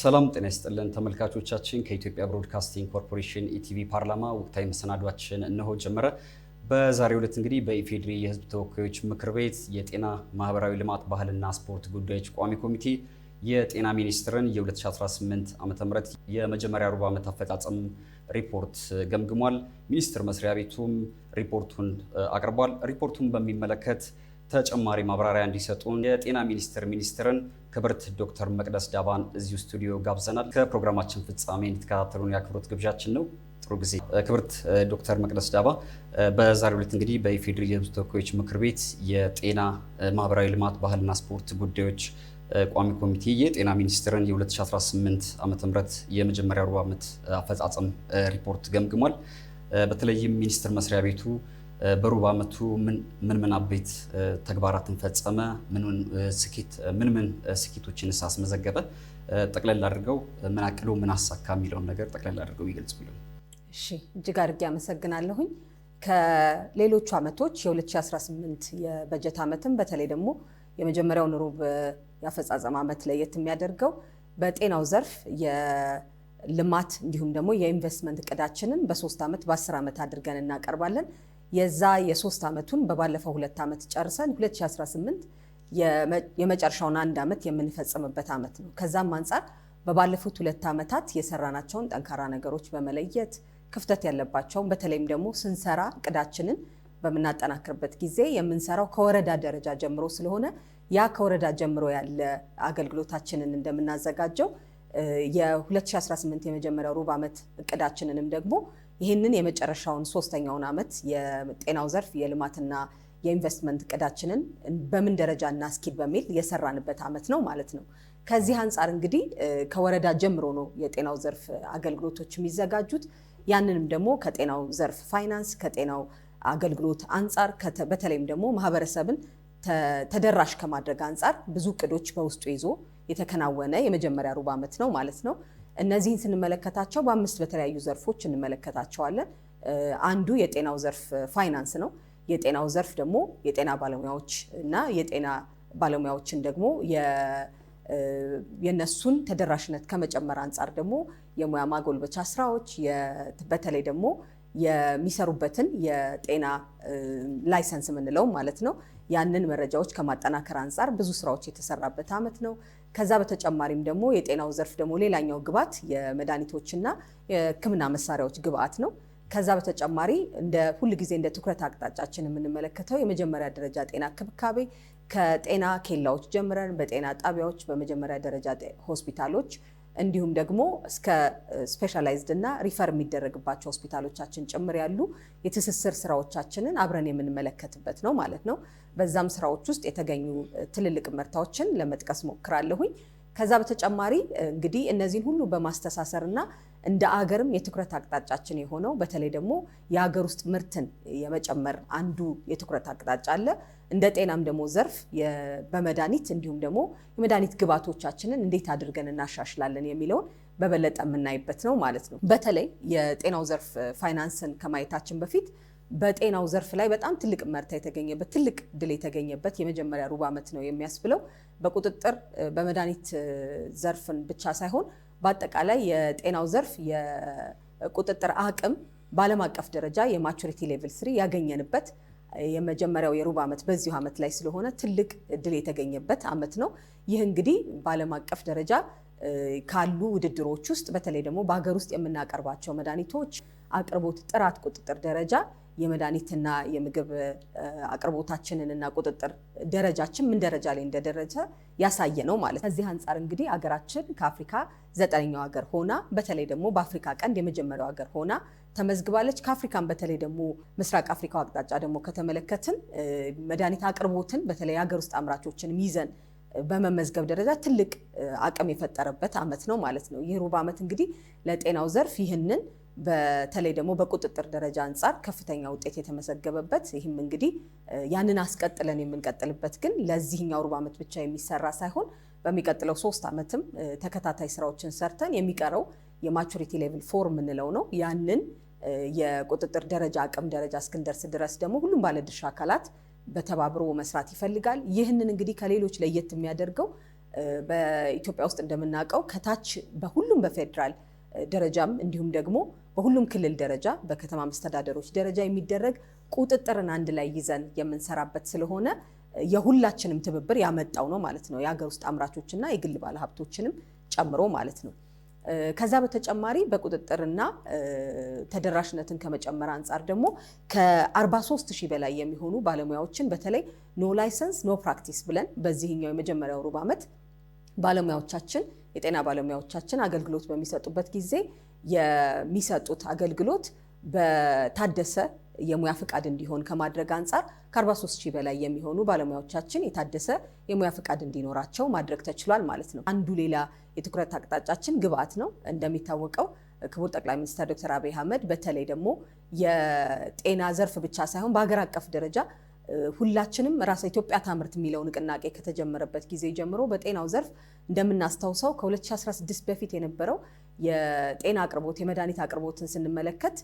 ሰላም ጤና ይስጥልን ተመልካቾቻችን። ከኢትዮጵያ ብሮድካስቲንግ ኮርፖሬሽን ኢቲቪ ፓርላማ ወቅታዊ መሰናዷችን እነሆ ጀመረ። በዛሬው ዕለት እንግዲህ በኢፌዴሪ የሕዝብ ተወካዮች ምክር ቤት የጤና ማህበራዊ ልማት ባህልና ስፖርት ጉዳዮች ቋሚ ኮሚቴ የጤና ሚኒስትርን የ2018 ዓ ም የመጀመሪያ ሩብ ዓመት አፈጻጸም ሪፖርት ገምግሟል። ሚኒስቴር መስሪያ ቤቱም ሪፖርቱን አቅርቧል። ሪፖርቱን በሚመለከት ተጨማሪ ማብራሪያ እንዲሰጡን የጤና ሚኒስቴር ሚኒስትርን ክብርት ዶክተር መቅደስ ዳባን እዚሁ ስቱዲዮ ጋብዘናል። ከፕሮግራማችን ፍጻሜ እንድትከታተሉን የአክብሮት ግብዣችን ነው። ጥሩ ጊዜ። ክብርት ዶክተር መቅደስ ዳባ በዛሬው ዕለት እንግዲህ በኢፌዴሪ የሕዝብ ተወካዮች ምክር ቤት የጤና ማህበራዊ ልማት ባህልና ስፖርት ጉዳዮች ቋሚ ኮሚቴ የጤና ሚኒስቴርን የ2018 ዓ ም የመጀመሪያ ሩብ ዓመት አፈጻጸም ሪፖርት ገምግሟል። በተለይም ሚኒስትር መስሪያ ቤቱ በሩብ ዓመቱ ምን ምን አበይት ተግባራትን ፈጸመ? ምን ምን ስኬቶችን አስመዘገበ? ጠቅለል አድርገው ምን አቅሎ ምን አሳካ የሚለውን ነገር ጠቅለል አድርገው ይገልጹልን። እሺ፣ እጅግ አድርጌ አመሰግናለሁኝ። ከሌሎቹ ዓመቶች የ2018 የበጀት ዓመትም በተለይ ደግሞ የመጀመሪያውን ሩብ የአፈጻጸም ዓመት ለየት የሚያደርገው በጤናው ዘርፍ የልማት እንዲሁም ደግሞ የኢንቨስትመንት እቅዳችንን በሶስት ዓመት በአስር ዓመት አድርገን እናቀርባለን። የዛ የሶስት ዓመቱን በባለፈው ሁለት ዓመት ጨርሰን 2018 የመጨረሻውን አንድ ዓመት የምንፈጽምበት ዓመት ነው። ከዛም አንጻር በባለፉት ሁለት ዓመታት የሰራናቸውን ጠንካራ ነገሮች በመለየት ክፍተት ያለባቸውን በተለይም ደግሞ ስንሰራ እቅዳችንን በምናጠናክርበት ጊዜ የምንሰራው ከወረዳ ደረጃ ጀምሮ ስለሆነ ያ ከወረዳ ጀምሮ ያለ አገልግሎታችንን እንደምናዘጋጀው የ2018 የመጀመሪያው ሩብ ዓመት እቅዳችንንም ደግሞ ይህንን የመጨረሻውን ሶስተኛውን ዓመት የጤናው ዘርፍ የልማትና የኢንቨስትመንት እቅዳችንን በምን ደረጃ እናስኪድ በሚል የሰራንበት ዓመት ነው ማለት ነው። ከዚህ አንጻር እንግዲህ ከወረዳ ጀምሮ ነው የጤናው ዘርፍ አገልግሎቶች የሚዘጋጁት። ያንንም ደግሞ ከጤናው ዘርፍ ፋይናንስ፣ ከጤናው አገልግሎት አንጻር በተለይም ደግሞ ማህበረሰብን ተደራሽ ከማድረግ አንጻር ብዙ እቅዶች በውስጡ ይዞ የተከናወነ የመጀመሪያ ሩብ ዓመት ነው ማለት ነው። እነዚህን ስንመለከታቸው በአምስት በተለያዩ ዘርፎች እንመለከታቸዋለን። አንዱ የጤናው ዘርፍ ፋይናንስ ነው። የጤናው ዘርፍ ደግሞ የጤና ባለሙያዎች እና የጤና ባለሙያዎችን ደግሞ የነሱን ተደራሽነት ከመጨመር አንጻር ደግሞ የሙያ ማጎልበቻ ስራዎች በተለይ ደግሞ የሚሰሩበትን የጤና ላይሰንስ የምንለው ማለት ነው ያንን መረጃዎች ከማጠናከር አንጻር ብዙ ስራዎች የተሰራበት ዓመት ነው። ከዛ በተጨማሪም ደግሞ የጤናው ዘርፍ ደግሞ ሌላኛው ግብዓት የመድኃኒቶችና የሕክምና መሳሪያዎች ግብዓት ነው። ከዛ በተጨማሪ እንደ ሁል ጊዜ እንደ ትኩረት አቅጣጫችን የምንመለከተው የመጀመሪያ ደረጃ ጤና ክብካቤ ከጤና ኬላዎች ጀምረን በጤና ጣቢያዎች፣ በመጀመሪያ ደረጃ ሆስፒታሎች እንዲሁም ደግሞ እስከ ስፔሻላይዝድ እና ሪፈር የሚደረግባቸው ሆስፒታሎቻችን ጭምር ያሉ የትስስር ስራዎቻችንን አብረን የምንመለከትበት ነው ማለት ነው። በዛም ስራዎች ውስጥ የተገኙ ትልልቅ ምርታዎችን ለመጥቀስ ሞክራለሁኝ። ከዛ በተጨማሪ እንግዲህ እነዚህን ሁሉ በማስተሳሰር እና እንደ አገርም የትኩረት አቅጣጫችን የሆነው በተለይ ደግሞ የሀገር ውስጥ ምርትን የመጨመር አንዱ የትኩረት አቅጣጫ አለ። እንደ ጤናም ደግሞ ዘርፍ በመድኃኒት እንዲሁም ደግሞ የመድኃኒት ግብዓቶቻችንን እንዴት አድርገን እናሻሽላለን የሚለውን በበለጠ የምናይበት ነው ማለት ነው። በተለይ የጤናው ዘርፍ ፋይናንስን ከማየታችን በፊት በጤናው ዘርፍ ላይ በጣም ትልቅ መርታ የተገኘበት ትልቅ ድል የተገኘበት የመጀመሪያ ሩብ ዓመት ነው የሚያስብለው። በቁጥጥር በመድኃኒት ዘርፍን ብቻ ሳይሆን በአጠቃላይ የጤናው ዘርፍ የቁጥጥር አቅም በዓለም አቀፍ ደረጃ የማቹሪቲ ሌቭል ስሪ ያገኘንበት የመጀመሪያው የሩብ ዓመት በዚሁ ዓመት ላይ ስለሆነ ትልቅ ድል የተገኘበት ዓመት ነው። ይህ እንግዲህ በዓለም አቀፍ ደረጃ ካሉ ውድድሮች ውስጥ በተለይ ደግሞ በሀገር ውስጥ የምናቀርባቸው መድኃኒቶች አቅርቦት ጥራት ቁጥጥር ደረጃ የመድኃኒትና የምግብ አቅርቦታችንን እና ቁጥጥር ደረጃችን ምን ደረጃ ላይ እንደደረጀ ያሳየ ነው ማለት። ከዚህ አንጻር እንግዲህ አገራችን ከአፍሪካ ዘጠነኛው ሀገር ሆና በተለይ ደግሞ በአፍሪካ ቀንድ የመጀመሪያው ሀገር ሆና ተመዝግባለች። ከአፍሪካን በተለይ ደግሞ ምስራቅ አፍሪካው አቅጣጫ ደግሞ ከተመለከትን መድኃኒት አቅርቦትን በተለይ ሀገር ውስጥ አምራቾችን ይዘን በመመዝገብ ደረጃ ትልቅ አቅም የፈጠረበት ዓመት ነው ማለት ነው። ይህ ሩብ አመት እንግዲህ ለጤናው ዘርፍ ይህንን በተለይ ደግሞ በቁጥጥር ደረጃ አንጻር ከፍተኛ ውጤት የተመዘገበበት ይህም እንግዲህ ያንን አስቀጥለን የምንቀጥልበት ግን ለዚህኛው ሩብ ዓመት ብቻ የሚሰራ ሳይሆን በሚቀጥለው ሶስት ዓመትም ተከታታይ ስራዎችን ሰርተን የሚቀረው የማቹሪቲ ሌቭል ፎር የምንለው ነው። ያንን የቁጥጥር ደረጃ አቅም ደረጃ እስክንደርስ ድረስ ደግሞ ሁሉም ባለድርሻ አካላት በተባብሮ መስራት ይፈልጋል። ይህንን እንግዲህ ከሌሎች ለየት የሚያደርገው በኢትዮጵያ ውስጥ እንደምናውቀው ከታች በሁሉም በፌዴራል ደረጃም እንዲሁም ደግሞ በሁሉም ክልል ደረጃ በከተማ መስተዳደሮች ደረጃ የሚደረግ ቁጥጥርን አንድ ላይ ይዘን የምንሰራበት ስለሆነ የሁላችንም ትብብር ያመጣው ነው ማለት ነው። የሀገር ውስጥ አምራቾችና የግል ባለሀብቶችንም ጨምሮ ማለት ነው። ከዛ በተጨማሪ በቁጥጥርና ተደራሽነትን ከመጨመር አንጻር ደግሞ ከ43 ሺህ በላይ የሚሆኑ ባለሙያዎችን በተለይ ኖ ላይሰንስ ኖ ፕራክቲስ ብለን በዚህኛው የመጀመሪያው ሩብ ዓመት ባለሙያዎቻችን የጤና ባለሙያዎቻችን አገልግሎት በሚሰጡበት ጊዜ የሚሰጡት አገልግሎት በታደሰ የሙያ ፍቃድ እንዲሆን ከማድረግ አንጻር ከ43 ሺህ በላይ የሚሆኑ ባለሙያዎቻችን የታደሰ የሙያ ፍቃድ እንዲኖራቸው ማድረግ ተችሏል ማለት ነው። አንዱ ሌላ የትኩረት አቅጣጫችን ግብአት ነው። እንደሚታወቀው ክቡር ጠቅላይ ሚኒስትር ዶክተር አብይ አህመድ በተለይ ደግሞ የጤና ዘርፍ ብቻ ሳይሆን በሀገር አቀፍ ደረጃ ሁላችንም ራስ ኢትዮጵያ ታምርት የሚለው ንቅናቄ ከተጀመረበት ጊዜ ጀምሮ በጤናው ዘርፍ እንደምናስታውሰው ከ2016 በፊት የነበረው የጤና አቅርቦት የመድኃኒት አቅርቦትን ስንመለከት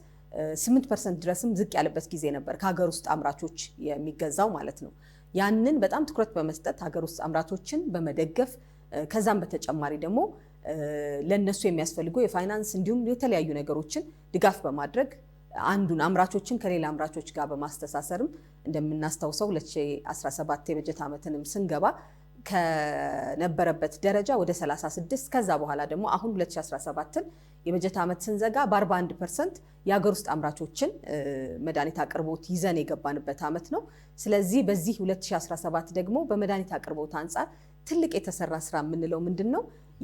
8 ፐርሰንት ድረስም ዝቅ ያለበት ጊዜ ነበር፣ ከሀገር ውስጥ አምራቾች የሚገዛው ማለት ነው። ያንን በጣም ትኩረት በመስጠት ሀገር ውስጥ አምራቾችን በመደገፍ ከዛም በተጨማሪ ደግሞ ለእነሱ የሚያስፈልጉ የፋይናንስ እንዲሁም የተለያዩ ነገሮችን ድጋፍ በማድረግ አንዱን አምራቾችን ከሌላ አምራቾች ጋር በማስተሳሰርም እንደምናስታውሰው 2017 የበጀት ዓመትንም ስንገባ ከነበረበት ደረጃ ወደ 36 ከዛ በኋላ ደግሞ አሁን 2017ን የበጀት ዓመት ስንዘጋ በ41 ፐርሰንት የሀገር ውስጥ አምራቾችን መድኃኒት አቅርቦት ይዘን የገባንበት ዓመት ነው። ስለዚህ በዚህ 2017 ደግሞ በመድኃኒት አቅርቦት አንጻር ትልቅ የተሰራ ስራ የምንለው ምንድን ነው?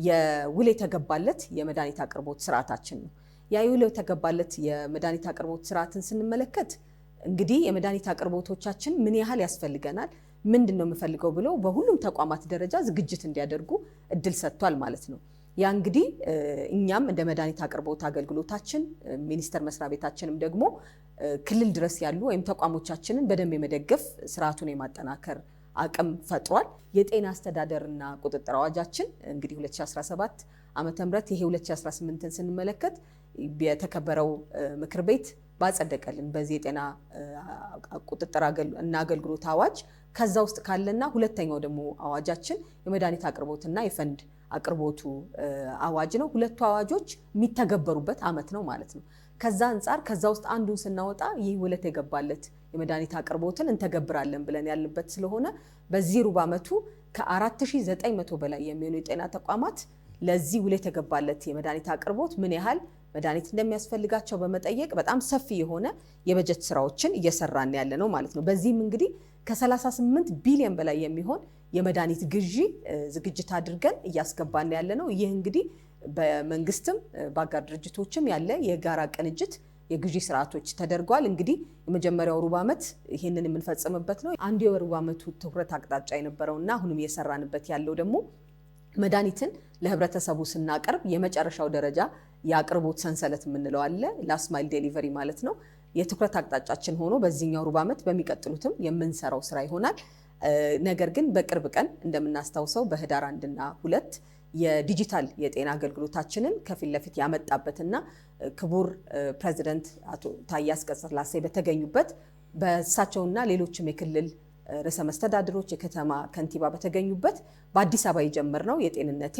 የውል የተገባለት የመድኃኒት አቅርቦት ስርዓታችን ነው። የአይውለው የተገባለት የመድኃኒት አቅርቦት ስርዓትን ስንመለከት እንግዲህ የመድኃኒት አቅርቦቶቻችን ምን ያህል ያስፈልገናል፣ ምንድን ነው የምፈልገው ብሎ በሁሉም ተቋማት ደረጃ ዝግጅት እንዲያደርጉ እድል ሰጥቷል ማለት ነው። ያ እንግዲህ እኛም እንደ መድኃኒት አቅርቦት አገልግሎታችን ሚኒስቴር መስሪያ ቤታችንም ደግሞ ክልል ድረስ ያሉ ወይም ተቋሞቻችንን በደንብ የመደገፍ ስርዓቱን የማጠናከር አቅም ፈጥሯል። የጤና አስተዳደርና ቁጥጥር አዋጃችን እንግዲህ 2017 ዓ.ም ይሄ 2018ን ስንመለከት የተከበረው ምክር ቤት ባጸደቀልን በዚህ የጤና ቁጥጥር እና አገልግሎት አዋጅ ከዛ ውስጥ ካለና ሁለተኛው ደግሞ አዋጃችን የመድኃኒት አቅርቦትና የፈንድ አቅርቦቱ አዋጅ ነው። ሁለቱ አዋጆች የሚተገበሩበት ዓመት ነው ማለት ነው። ከዛ አንጻር ከዛ ውስጥ አንዱን ስናወጣ ይህ ውለት የገባለት የመድኃኒት አቅርቦትን እንተገብራለን ብለን ያልንበት ስለሆነ በዚህ ሩብ ዓመቱ ከ4900 በላይ የሚሆኑ የጤና ተቋማት ለዚህ ውለት የገባለት የመድኃኒት አቅርቦት ምን ያህል መድኃኒት እንደሚያስፈልጋቸው በመጠየቅ በጣም ሰፊ የሆነ የበጀት ስራዎችን እየሰራን ያለ ነው ማለት ነው። በዚህም እንግዲህ ከ38 ቢሊዮን በላይ የሚሆን የመድኃኒት ግዢ ዝግጅት አድርገን እያስገባን ያለ ነው። ይህ እንግዲህ በመንግስትም በአጋር ድርጅቶችም ያለ የጋራ ቅንጅት የግዢ ስርዓቶች ተደርጓል። እንግዲህ የመጀመሪያው ሩብ ዓመት ይህንን የምንፈጽምበት ነው። አንዱ የሩብ ዓመቱ ትኩረት አቅጣጫ የነበረው እና አሁንም እየሰራንበት ያለው ደግሞ መድኃኒትን ለህብረተሰቡ ስናቀርብ የመጨረሻው ደረጃ የአቅርቦት ሰንሰለት የምንለው አለ። ላስት ማይል ዴሊቨሪ ማለት ነው። የትኩረት አቅጣጫችን ሆኖ በዚህኛው ሩብ ዓመት በሚቀጥሉትም የምንሰራው ስራ ይሆናል። ነገር ግን በቅርብ ቀን እንደምናስታውሰው በህዳር አንድና ሁለት የዲጂታል የጤና አገልግሎታችንን ከፊት ለፊት ያመጣበትና ክቡር ፕሬዚደንት አቶ ታዬ አጽቀሥላሴ በተገኙበት በእሳቸውና ሌሎችም የክልል ርዕሰ መስተዳድሮች የከተማ ከንቲባ በተገኙበት በአዲስ አበባ የጀመርነው የጤንነቴ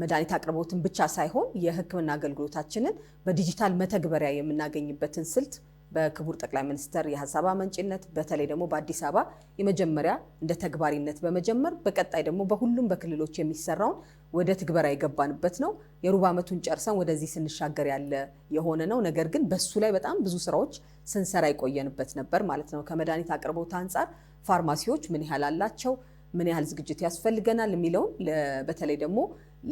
መድኃኒት አቅርቦትን ብቻ ሳይሆን የሕክምና አገልግሎታችንን በዲጂታል መተግበሪያ የምናገኝበትን ስልት በክቡር ጠቅላይ ሚኒስትር የሀሳብ አመንጭነት በተለይ ደግሞ በአዲስ አበባ የመጀመሪያ እንደ ተግባሪነት በመጀመር በቀጣይ ደግሞ በሁሉም በክልሎች የሚሰራውን ወደ ትግበራ የገባንበት ነው። የሩብ ዓመቱን ጨርሰን ወደዚህ ስንሻገር ያለ የሆነ ነው። ነገር ግን በሱ ላይ በጣም ብዙ ስራዎች ስንሰራ የቆየንበት ነበር ማለት ነው። ከመድኃኒት አቅርቦት አንጻር ፋርማሲዎች ምን ያህል አላቸው፣ ምን ያህል ዝግጅት ያስፈልገናል የሚለውን በተለይ ደግሞ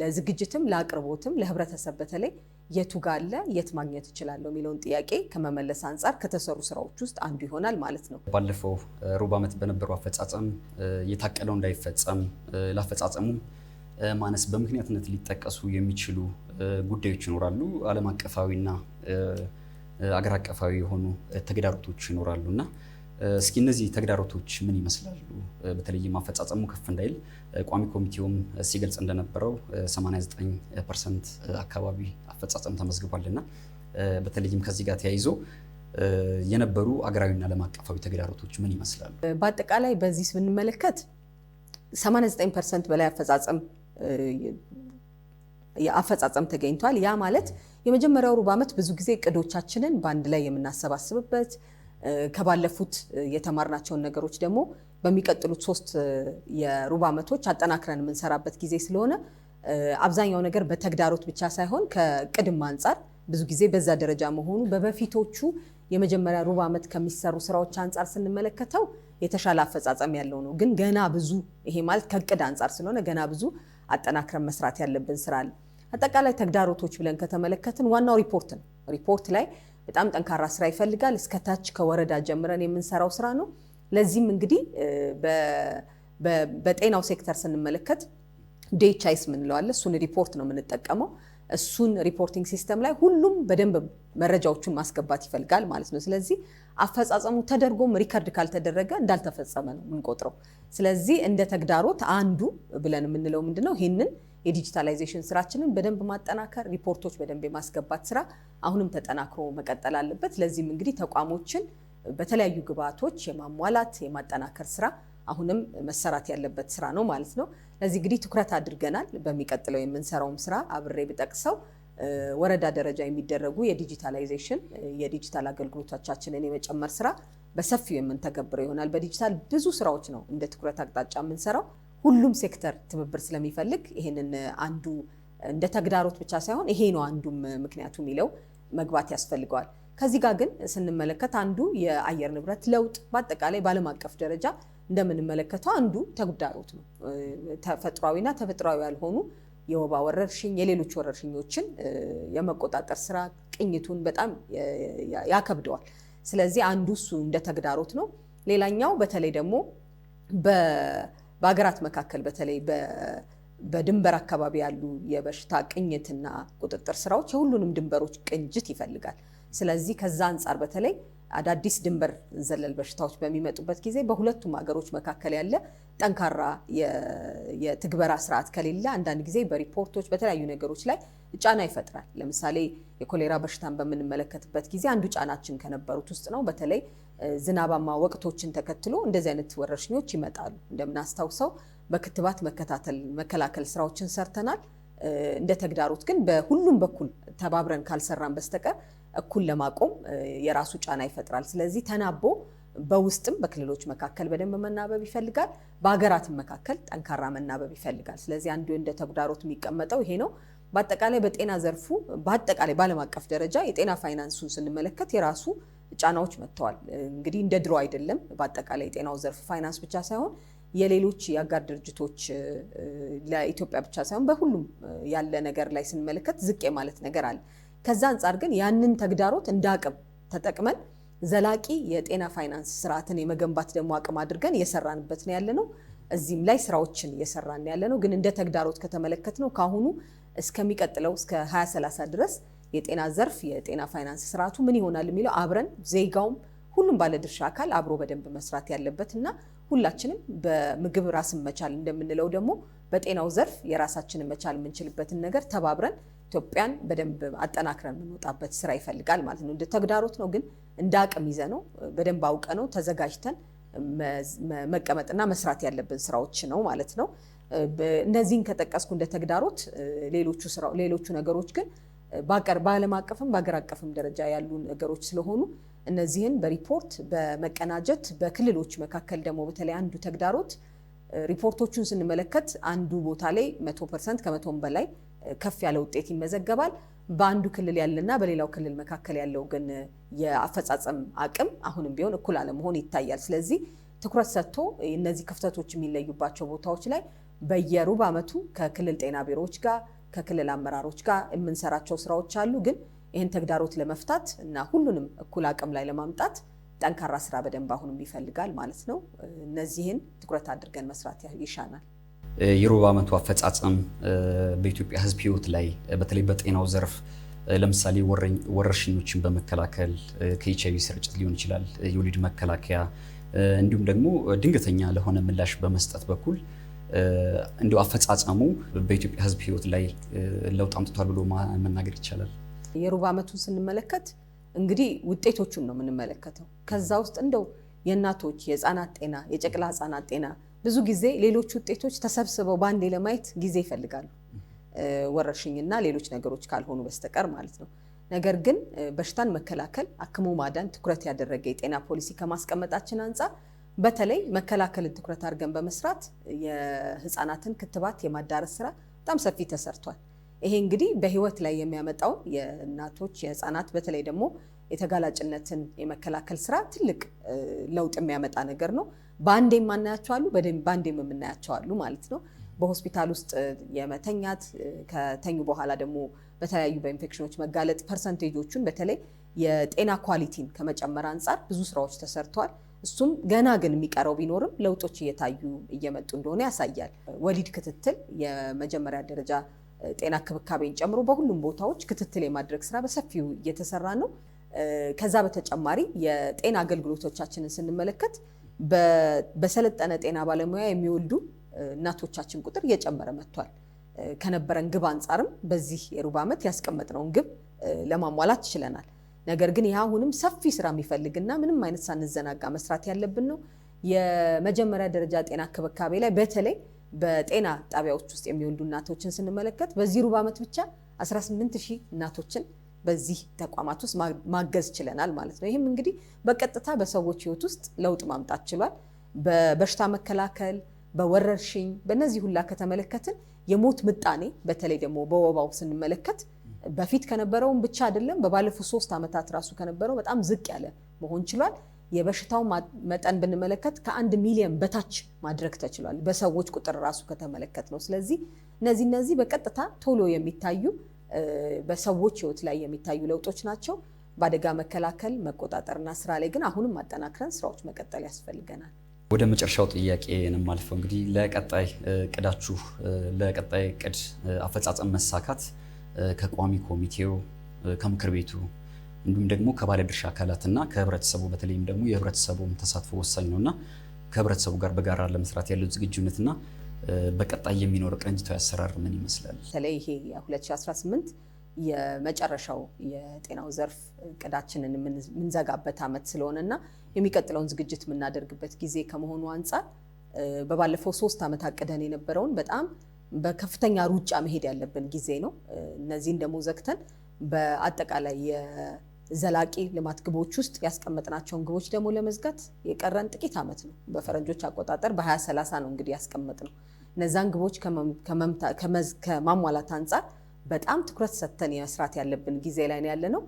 ለዝግጅትም ለአቅርቦትም ለህብረተሰብ በተለይ የቱ ጋ አለ የት ማግኘት እችላለሁ የሚለውን ጥያቄ ከመመለስ አንጻር ከተሰሩ ስራዎች ውስጥ አንዱ ይሆናል ማለት ነው። ባለፈው ሩብ ዓመት በነበሩ አፈጻጸም የታቀደው እንዳይፈጸም ላፈጻጸሙ ማነስ በምክንያትነት ሊጠቀሱ የሚችሉ ጉዳዮች ይኖራሉ። ዓለም አቀፋዊና አገር አቀፋዊ የሆኑ ተግዳሮቶች ይኖራሉ እና እስኪ እነዚህ ተግዳሮቶች ምን ይመስላሉ? በተለይም አፈጻጸሙ ከፍ እንዳይል ቋሚ ኮሚቴውም ሲገልጽ እንደነበረው 89 ፐርሰንት አካባቢ አፈጻጸም ተመዝግቧልና በተለይም ከዚህ ጋር ተያይዞ የነበሩ አገራዊና ዓለም አቀፋዊ ተግዳሮቶች ምን ይመስላሉ? በአጠቃላይ በዚህ ብንመለከት 89 ፐርሰንት በላይ አፈጻጸም አፈጻጸም ተገኝቷል። ያ ማለት የመጀመሪያው ሩብ ዓመት ብዙ ጊዜ እቅዶቻችንን በአንድ ላይ የምናሰባስብበት ከባለፉት የተማርናቸውን ነገሮች ደግሞ በሚቀጥሉት ሶስት የሩብ ዓመቶች አጠናክረን የምንሰራበት ጊዜ ስለሆነ አብዛኛው ነገር በተግዳሮት ብቻ ሳይሆን ከቅድም አንጻር ብዙ ጊዜ በዛ ደረጃ መሆኑ በበፊቶቹ የመጀመሪያ ሩብ ዓመት ከሚሰሩ ስራዎች አንጻር ስንመለከተው የተሻለ አፈጻጸም ያለው ነው። ግን ገና ብዙ ይሄ ማለት ከእቅድ አንጻር ስለሆነ ገና ብዙ አጠናክረን መስራት ያለብን ስራ አለ። አጠቃላይ ተግዳሮቶች ብለን ከተመለከትን ዋናው ሪፖርት ነው። ሪፖርት ላይ በጣም ጠንካራ ስራ ይፈልጋል። እስከታች ከወረዳ ጀምረን የምንሰራው ስራ ነው። ለዚህም እንግዲህ በጤናው ሴክተር ስንመለከት ዴቻይስ ምንለዋለ እሱን ሪፖርት ነው የምንጠቀመው። እሱን ሪፖርቲንግ ሲስተም ላይ ሁሉም በደንብ መረጃዎቹን ማስገባት ይፈልጋል ማለት ነው። ስለዚህ አፈጻጸሙ ተደርጎም ሪከርድ ካልተደረገ እንዳልተፈጸመ ነው የምንቆጥረው። ስለዚህ እንደ ተግዳሮት አንዱ ብለን የምንለው ምንድነው ይህንን የዲጂታላይዜሽን ስራችንን በደንብ ማጠናከር፣ ሪፖርቶች በደንብ የማስገባት ስራ አሁንም ተጠናክሮ መቀጠል አለበት። ለዚህም እንግዲህ ተቋሞችን በተለያዩ ግብዓቶች የማሟላት የማጠናከር ስራ አሁንም መሰራት ያለበት ስራ ነው ማለት ነው። ለዚህ እንግዲህ ትኩረት አድርገናል። በሚቀጥለው የምንሰራውም ስራ አብሬ ብጠቅሰው ወረዳ ደረጃ የሚደረጉ የዲጂታላይዜሽን የዲጂታል አገልግሎቶቻችንን የመጨመር ስራ በሰፊው የምንተገብረው ይሆናል። በዲጂታል ብዙ ስራዎች ነው እንደ ትኩረት አቅጣጫ የምንሰራው። ሁሉም ሴክተር ትብብር ስለሚፈልግ ይሄንን አንዱ እንደ ተግዳሮት ብቻ ሳይሆን ይሄ ነው አንዱም ምክንያቱ የሚለው መግባት ያስፈልገዋል። ከዚህ ጋር ግን ስንመለከት አንዱ የአየር ንብረት ለውጥ በአጠቃላይ በዓለም አቀፍ ደረጃ እንደምንመለከተው አንዱ ተግዳሮት ነው። ተፈጥሯዊና ተፈጥሯዊ ያልሆኑ የወባ ወረርሽኝ፣ የሌሎች ወረርሽኞችን የመቆጣጠር ስራ ቅኝቱን በጣም ያከብደዋል። ስለዚህ አንዱ እሱ እንደ ተግዳሮት ነው። ሌላኛው በተለይ ደግሞ በሀገራት መካከል በተለይ በድንበር አካባቢ ያሉ የበሽታ ቅኝትና ቁጥጥር ስራዎች የሁሉንም ድንበሮች ቅንጅት ይፈልጋል። ስለዚህ ከዛ አንጻር በተለይ አዳዲስ ድንበር ዘለል በሽታዎች በሚመጡበት ጊዜ በሁለቱም ሀገሮች መካከል ያለ ጠንካራ የትግበራ ስርዓት ከሌለ አንዳንድ ጊዜ በሪፖርቶች በተለያዩ ነገሮች ላይ ጫና ይፈጥራል። ለምሳሌ የኮሌራ በሽታን በምንመለከትበት ጊዜ አንዱ ጫናችን ከነበሩት ውስጥ ነው። በተለይ ዝናባማ ወቅቶችን ተከትሎ እንደዚህ አይነት ወረርሽኞች ይመጣሉ። እንደምናስታውሰው በክትባት መከታተል መከላከል ስራዎችን ሰርተናል። እንደ ተግዳሮት ግን በሁሉም በኩል ተባብረን ካልሰራን በስተቀር እኩል ለማቆም የራሱ ጫና ይፈጥራል። ስለዚህ ተናቦ በውስጥም በክልሎች መካከል በደንብ መናበብ ይፈልጋል። በሀገራትም መካከል ጠንካራ መናበብ ይፈልጋል። ስለዚህ አንዱ እንደ ተግዳሮት የሚቀመጠው ይሄ ነው። በአጠቃላይ በጤና ዘርፉ በአጠቃላይ በዓለም አቀፍ ደረጃ የጤና ፋይናንሱን ስንመለከት የራሱ ጫናዎች መጥተዋል። እንግዲህ እንደ ድሮ አይደለም። በአጠቃላይ የጤናው ዘርፍ ፋይናንስ ብቻ ሳይሆን የሌሎች የአጋር ድርጅቶች ለኢትዮጵያ ብቻ ሳይሆን በሁሉም ያለ ነገር ላይ ስንመለከት ዝቅ የማለት ነገር አለ። ከዛ አንጻር ግን ያንን ተግዳሮት እንደ አቅም ተጠቅመን ዘላቂ የጤና ፋይናንስ ስርዓትን የመገንባት ደግሞ አቅም አድርገን እየሰራንበት ነው ያለ ነው። እዚህም ላይ ስራዎችን እየሰራን ያለ ነው። ግን እንደ ተግዳሮት ከተመለከት ነው ከአሁኑ እስከሚቀጥለው እስከ 2030 ድረስ የጤና ዘርፍ የጤና ፋይናንስ ስርዓቱ ምን ይሆናል የሚለው አብረን ዜጋውም ሁሉም ባለድርሻ አካል አብሮ በደንብ መስራት ያለበት እና ሁላችንም በምግብ ራስን መቻል እንደምንለው ደግሞ በጤናው ዘርፍ የራሳችንን መቻል የምንችልበትን ነገር ተባብረን ኢትዮጵያን በደንብ አጠናክረን የምንወጣበት ስራ ይፈልጋል ማለት ነው። እንደ ተግዳሮት ነው፣ ግን እንደ አቅም ይዘ ነው በደንብ አውቀ ነው ተዘጋጅተን መቀመጥና መስራት ያለብን ስራዎች ነው ማለት ነው። እነዚህን ከጠቀስኩ እንደ ተግዳሮት ሌሎቹ ነገሮች ግን በዓለም አቀፍም በሀገር አቀፍም ደረጃ ያሉ ነገሮች ስለሆኑ እነዚህን በሪፖርት በመቀናጀት በክልሎች መካከል ደግሞ በተለይ አንዱ ተግዳሮት ሪፖርቶቹን ስንመለከት አንዱ ቦታ ላይ መቶ ፐርሰንት ከመቶም በላይ ከፍ ያለ ውጤት ይመዘገባል። በአንዱ ክልል ያለና በሌላው ክልል መካከል ያለው ግን የአፈጻጸም አቅም አሁንም ቢሆን እኩል አለመሆን ይታያል። ስለዚህ ትኩረት ሰጥቶ እነዚህ ክፍተቶች የሚለዩባቸው ቦታዎች ላይ በየሩብ ዓመቱ ከክልል ጤና ቢሮዎች ጋር ከክልል አመራሮች ጋር የምንሰራቸው ስራዎች አሉ። ግን ይህን ተግዳሮት ለመፍታት እና ሁሉንም እኩል አቅም ላይ ለማምጣት ጠንካራ ስራ በደንብ አሁንም ይፈልጋል ማለት ነው። እነዚህን ትኩረት አድርገን መስራት ይሻናል። የሩብ ዓመቱ አፈጻጸም በኢትዮጵያ ሕዝብ ህይወት ላይ በተለይ በጤናው ዘርፍ ለምሳሌ ወረርሽኞችን በመከላከል ከኤች አይቪ ስርጭት ሊሆን ይችላል፣ የወሊድ መከላከያ እንዲሁም ደግሞ ድንገተኛ ለሆነ ምላሽ በመስጠት በኩል እንዲሁ አፈጻጸሙ በኢትዮጵያ ሕዝብ ህይወት ላይ ለውጥ አምጥቷል ብሎ መናገር ይቻላል። የሩብ ዓመቱን ስንመለከት እንግዲህ ውጤቶቹን ነው የምንመለከተው። ከዛ ውስጥ እንደው የእናቶች የህፃናት ጤና፣ የጨቅላ ህፃናት ጤና ብዙ ጊዜ ሌሎች ውጤቶች ተሰብስበው በአንዴ ለማየት ጊዜ ይፈልጋሉ፣ ወረርሽኝና ሌሎች ነገሮች ካልሆኑ በስተቀር ማለት ነው። ነገር ግን በሽታን መከላከል፣ አክሞ ማዳን ትኩረት ያደረገ የጤና ፖሊሲ ከማስቀመጣችን አንጻር በተለይ መከላከልን ትኩረት አድርገን በመስራት የህፃናትን ክትባት የማዳረስ ስራ በጣም ሰፊ ተሰርቷል። ይሄ እንግዲህ በህይወት ላይ የሚያመጣው የእናቶች የህፃናት በተለይ ደግሞ የተጋላጭነትን የመከላከል ስራ ትልቅ ለውጥ የሚያመጣ ነገር ነው። በአንዴም የማናያቸው አሉ፣ በአንዴም የምናያቸው አሉ ማለት ነው። በሆስፒታል ውስጥ የመተኛት ከተኙ በኋላ ደግሞ በተለያዩ በኢንፌክሽኖች መጋለጥ ፐርሰንቴጆቹን በተለይ የጤና ኳሊቲን ከመጨመር አንጻር ብዙ ስራዎች ተሰርተዋል። እሱም ገና ግን የሚቀረው ቢኖርም ለውጦች እየታዩ እየመጡ እንደሆነ ያሳያል። ወሊድ ክትትል የመጀመሪያ ደረጃ ጤና ክብካቤን ጨምሮ በሁሉም ቦታዎች ክትትል የማድረግ ስራ በሰፊው እየተሰራ ነው። ከዛ በተጨማሪ የጤና አገልግሎቶቻችንን ስንመለከት በሰለጠነ ጤና ባለሙያ የሚወልዱ እናቶቻችን ቁጥር እየጨመረ መጥቷል። ከነበረን ግብ አንጻርም በዚህ የሩብ ዓመት ያስቀመጥነውን ግብ ለማሟላት ችለናል። ነገር ግን ይህ አሁንም ሰፊ ስራ የሚፈልግና ምንም አይነት ሳንዘናጋ መስራት ያለብን ነው። የመጀመሪያ ደረጃ ጤና ክብካቤ ላይ በተለይ በጤና ጣቢያዎች ውስጥ የሚወልዱ እናቶችን ስንመለከት በዚህ ሩብ ዓመት ብቻ 18 ሺህ እናቶችን በዚህ ተቋማት ውስጥ ማገዝ ችለናል ማለት ነው። ይህም እንግዲህ በቀጥታ በሰዎች ህይወት ውስጥ ለውጥ ማምጣት ችሏል። በበሽታ መከላከል፣ በወረርሽኝ በእነዚህ ሁላ ከተመለከትን የሞት ምጣኔ በተለይ ደግሞ በወባው ስንመለከት በፊት ከነበረውም ብቻ አይደለም በባለፉት ሶስት ዓመታት ራሱ ከነበረው በጣም ዝቅ ያለ መሆን ችሏል። የበሽታው መጠን ብንመለከት ከአንድ ሚሊዮን በታች ማድረግ ተችሏል፣ በሰዎች ቁጥር ራሱ ከተመለከት ነው። ስለዚህ እነዚህ እነዚህ በቀጥታ ቶሎ የሚታዩ በሰዎች ህይወት ላይ የሚታዩ ለውጦች ናቸው። በአደጋ መከላከል መቆጣጠርና ስራ ላይ ግን አሁንም ማጠናክረን ስራዎች መቀጠል ያስፈልገናል። ወደ መጨረሻው ጥያቄ ነው የማልፈው። እንግዲህ ለቀጣይ እቅዳችሁ ለቀጣይ እቅድ አፈጻጸም መሳካት ከቋሚ ኮሚቴው፣ ከምክር ቤቱ እንዲሁም ደግሞ ከባለድርሻ አካላትና ከህብረተሰቡ በተለይም ደግሞ የህብረተሰቡም ተሳትፎ ወሳኝ እና ከህብረተሰቡ ጋር በጋራ ለመስራት ያለው ዝግጁነትና በቀጣይ የሚኖር ቅንጅታዊ አሰራር ምን ይመስላል? በተለይ ይሄ የ2018 የመጨረሻው የጤናው ዘርፍ እቅዳችንን የምንዘጋበት ዓመት ስለሆነ እና የሚቀጥለውን ዝግጅት የምናደርግበት ጊዜ ከመሆኑ አንጻር በባለፈው ሶስት ዓመት አቅደን የነበረውን በጣም በከፍተኛ ሩጫ መሄድ ያለብን ጊዜ ነው። እነዚህን ደግሞ ዘግተን በአጠቃላይ የዘላቂ ልማት ግቦች ውስጥ ያስቀመጥናቸውን ግቦች ደግሞ ለመዝጋት የቀረን ጥቂት ዓመት ነው። በፈረንጆች አቆጣጠር በ2030 ነው እንግዲህ ያስቀመጥ ነው። እነዛን ግቦች ከማሟላት አንጻር በጣም ትኩረት ሰጥተን የመስራት ያለብን ጊዜ ላይ ነው ያለ ነው።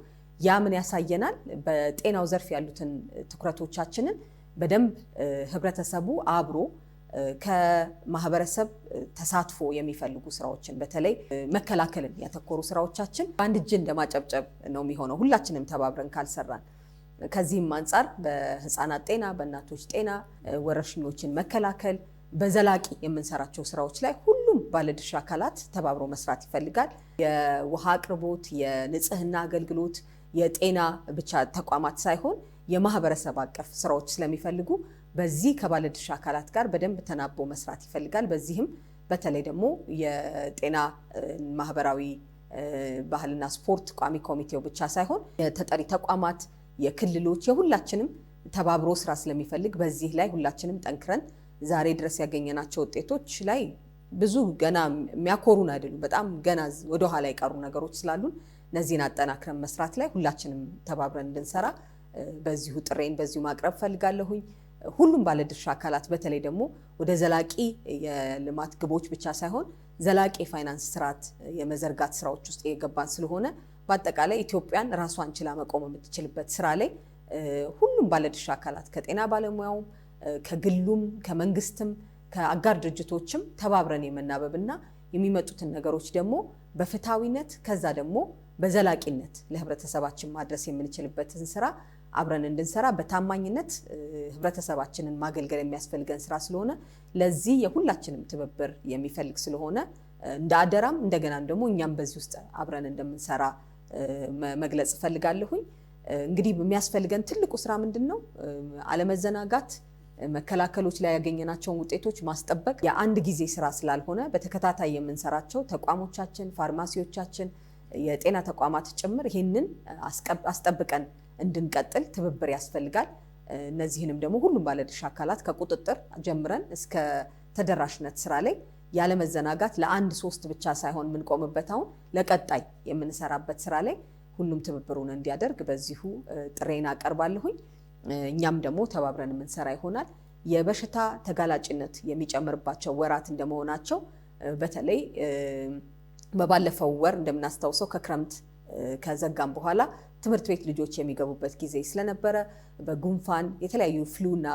ያ ምን ያሳየናል? በጤናው ዘርፍ ያሉትን ትኩረቶቻችንን በደንብ ህብረተሰቡ አብሮ ከማህበረሰብ ተሳትፎ የሚፈልጉ ስራዎችን በተለይ መከላከልን ያተኮሩ ስራዎቻችን በአንድ እጅ እንደማጨብጨብ ነው የሚሆነው ሁላችንም ተባብረን ካልሰራን። ከዚህም አንጻር በህፃናት ጤና፣ በእናቶች ጤና፣ ወረርሽኞችን መከላከል በዘላቂ የምንሰራቸው ስራዎች ላይ ሁሉም ባለድርሻ አካላት ተባብሮ መስራት ይፈልጋል። የውሃ አቅርቦት፣ የንጽህና አገልግሎት፣ የጤና ብቻ ተቋማት ሳይሆን የማህበረሰብ አቀፍ ስራዎች ስለሚፈልጉ በዚህ ከባለድርሻ አካላት ጋር በደንብ ተናቦ መስራት ይፈልጋል። በዚህም በተለይ ደግሞ የጤና ማህበራዊ ባህልና ስፖርት ቋሚ ኮሚቴው ብቻ ሳይሆን የተጠሪ ተቋማት፣ የክልሎች የሁላችንም ተባብሮ ስራ ስለሚፈልግ በዚህ ላይ ሁላችንም ጠንክረን ዛሬ ድረስ ያገኘናቸው ውጤቶች ላይ ብዙ ገና የሚያኮሩን አይደሉም። በጣም ገና ወደኋላ የቀሩ ነገሮች ስላሉን እነዚህን አጠናክረን መስራት ላይ ሁላችንም ተባብረን እንድንሰራ በዚሁ ጥሬን በዚሁ ማቅረብ ፈልጋለሁኝ። ሁሉም ባለድርሻ አካላት በተለይ ደግሞ ወደ ዘላቂ የልማት ግቦች ብቻ ሳይሆን ዘላቂ የፋይናንስ ስርዓት የመዘርጋት ስራዎች ውስጥ የገባን ስለሆነ በአጠቃላይ ኢትዮጵያን ራሷን ችላ መቆም የምትችልበት ስራ ላይ ሁሉም ባለድርሻ አካላት ከጤና ባለሙያውም፣ ከግሉም፣ ከመንግስትም፣ ከአጋር ድርጅቶችም ተባብረን የመናበብ ና የሚመጡትን ነገሮች ደግሞ በፍትሐዊነት ከዛ ደግሞ በዘላቂነት ለህብረተሰባችን ማድረስ የምንችልበትን ስራ አብረን እንድንሰራ በታማኝነት ህብረተሰባችንን ማገልገል የሚያስፈልገን ስራ ስለሆነ ለዚህ የሁላችንም ትብብር የሚፈልግ ስለሆነ እንደ አደራም እንደገናም ደግሞ እኛም በዚህ ውስጥ አብረን እንደምንሰራ መግለጽ እፈልጋለሁኝ። እንግዲህ የሚያስፈልገን ትልቁ ስራ ምንድን ነው? አለመዘናጋት፣ መከላከሎች ላይ ያገኘናቸውን ውጤቶች ማስጠበቅ የአንድ ጊዜ ስራ ስላልሆነ በተከታታይ የምንሰራቸው ተቋሞቻችን፣ ፋርማሲዎቻችን፣ የጤና ተቋማት ጭምር ይህንን አስጠብቀን እንድንቀጥል ትብብር ያስፈልጋል። እነዚህንም ደግሞ ሁሉም ባለድርሻ አካላት ከቁጥጥር ጀምረን እስከ ተደራሽነት ስራ ላይ ያለመዘናጋት ለአንድ ሶስት ብቻ ሳይሆን የምንቆምበት አሁን ለቀጣይ የምንሰራበት ስራ ላይ ሁሉም ትብብሩን እንዲያደርግ በዚሁ ጥሬን አቀርባለሁኝ። እኛም ደግሞ ተባብረን የምንሰራ ይሆናል። የበሽታ ተጋላጭነት የሚጨምርባቸው ወራት እንደመሆናቸው በተለይ በባለፈው ወር እንደምናስታውሰው ከክረምት ከዘጋም በኋላ ትምህርት ቤት ልጆች የሚገቡበት ጊዜ ስለነበረ በጉንፋን የተለያዩ ፍሉና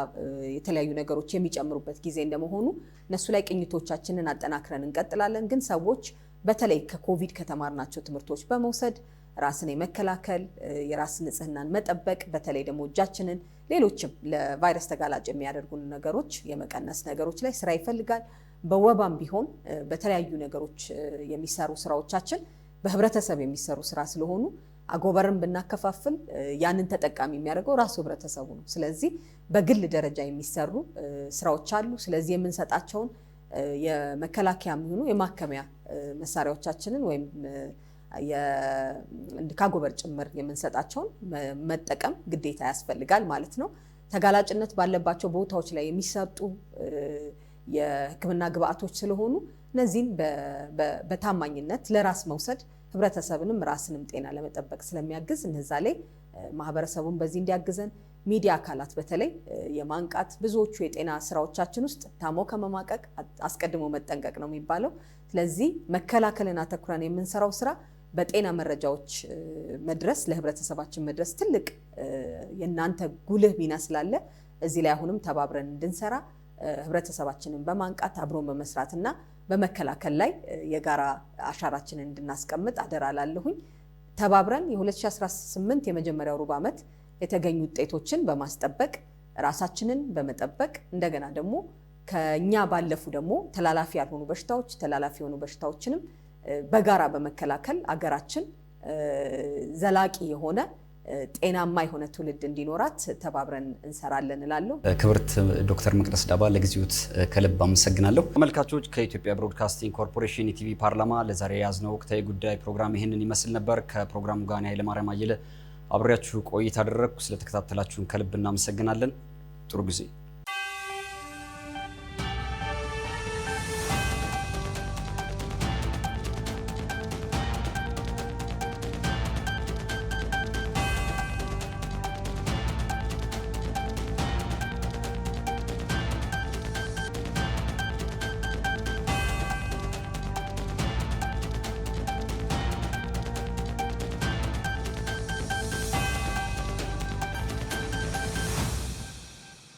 የተለያዩ ነገሮች የሚጨምሩበት ጊዜ እንደመሆኑ እነሱ ላይ ቅኝቶቻችንን አጠናክረን እንቀጥላለን። ግን ሰዎች በተለይ ከኮቪድ ከተማርናቸው ትምህርቶች በመውሰድ ራስን የመከላከል የራስ ንጽህናን መጠበቅ፣ በተለይ ደግሞ እጃችንን፣ ሌሎችም ለቫይረስ ተጋላጭ የሚያደርጉን ነገሮች የመቀነስ ነገሮች ላይ ስራ ይፈልጋል። በወባም ቢሆን በተለያዩ ነገሮች የሚሰሩ ስራዎቻችን በህብረተሰብ የሚሰሩ ስራ ስለሆኑ አጎበርን ብናከፋፍል ያንን ተጠቃሚ የሚያደርገው ራሱ ህብረተሰቡ ነው። ስለዚህ በግል ደረጃ የሚሰሩ ስራዎች አሉ። ስለዚህ የምንሰጣቸውን የመከላከያ የሚሆኑ የማከሚያ መሳሪያዎቻችንን ወይም ከአጎበር ጭምር የምንሰጣቸውን መጠቀም ግዴታ ያስፈልጋል ማለት ነው። ተጋላጭነት ባለባቸው ቦታዎች ላይ የሚሰጡ የህክምና ግብአቶች ስለሆኑ እነዚህን በታማኝነት ለራስ መውሰድ ህብረተሰብንም ራስንም ጤና ለመጠበቅ ስለሚያግዝ እነዛ ላይ ማህበረሰቡን በዚህ እንዲያግዘን ሚዲያ አካላት በተለይ የማንቃት ብዙዎቹ የጤና ስራዎቻችን ውስጥ ታሞ ከመማቀቅ አስቀድሞ መጠንቀቅ ነው የሚባለው። ስለዚህ መከላከልን አተኩረን የምንሰራው ስራ በጤና መረጃዎች መድረስ ለህብረተሰባችን መድረስ ትልቅ የእናንተ ጉልህ ሚና ስላለ እዚህ ላይ አሁንም ተባብረን እንድንሰራ ህብረተሰባችንን በማንቃት አብሮን በመስራትና በመከላከል ላይ የጋራ አሻራችንን እንድናስቀምጥ አደራ ላለሁኝ። ተባብረን የ2018 የመጀመሪያው ሩብ ዓመት የተገኙ ውጤቶችን በማስጠበቅ ራሳችንን በመጠበቅ እንደገና ደግሞ ከኛ ባለፉ ደግሞ ተላላፊ ያልሆኑ በሽታዎች ተላላፊ የሆኑ በሽታዎችንም በጋራ በመከላከል አገራችን ዘላቂ የሆነ ጤናማ የሆነ ትውልድ እንዲኖራት ተባብረን እንሰራለን እላለሁ። ክብርት ዶክተር መቅደስ ዳባ ለጊዜዎት ከልብ አመሰግናለሁ። ተመልካቾች ከኢትዮጵያ ብሮድካስቲንግ ኮርፖሬሽን የቲቪ ፓርላማ ለዛሬ የያዝነው ወቅታዊ ጉዳይ ፕሮግራም ይህንን ይመስል ነበር። ከፕሮግራሙ ጋር ኃይለማርያም አየለ አብሬያችሁ ቆይታ አደረግኩ። ስለተከታተላችሁን ከልብ እናመሰግናለን። ጥሩ ጊዜ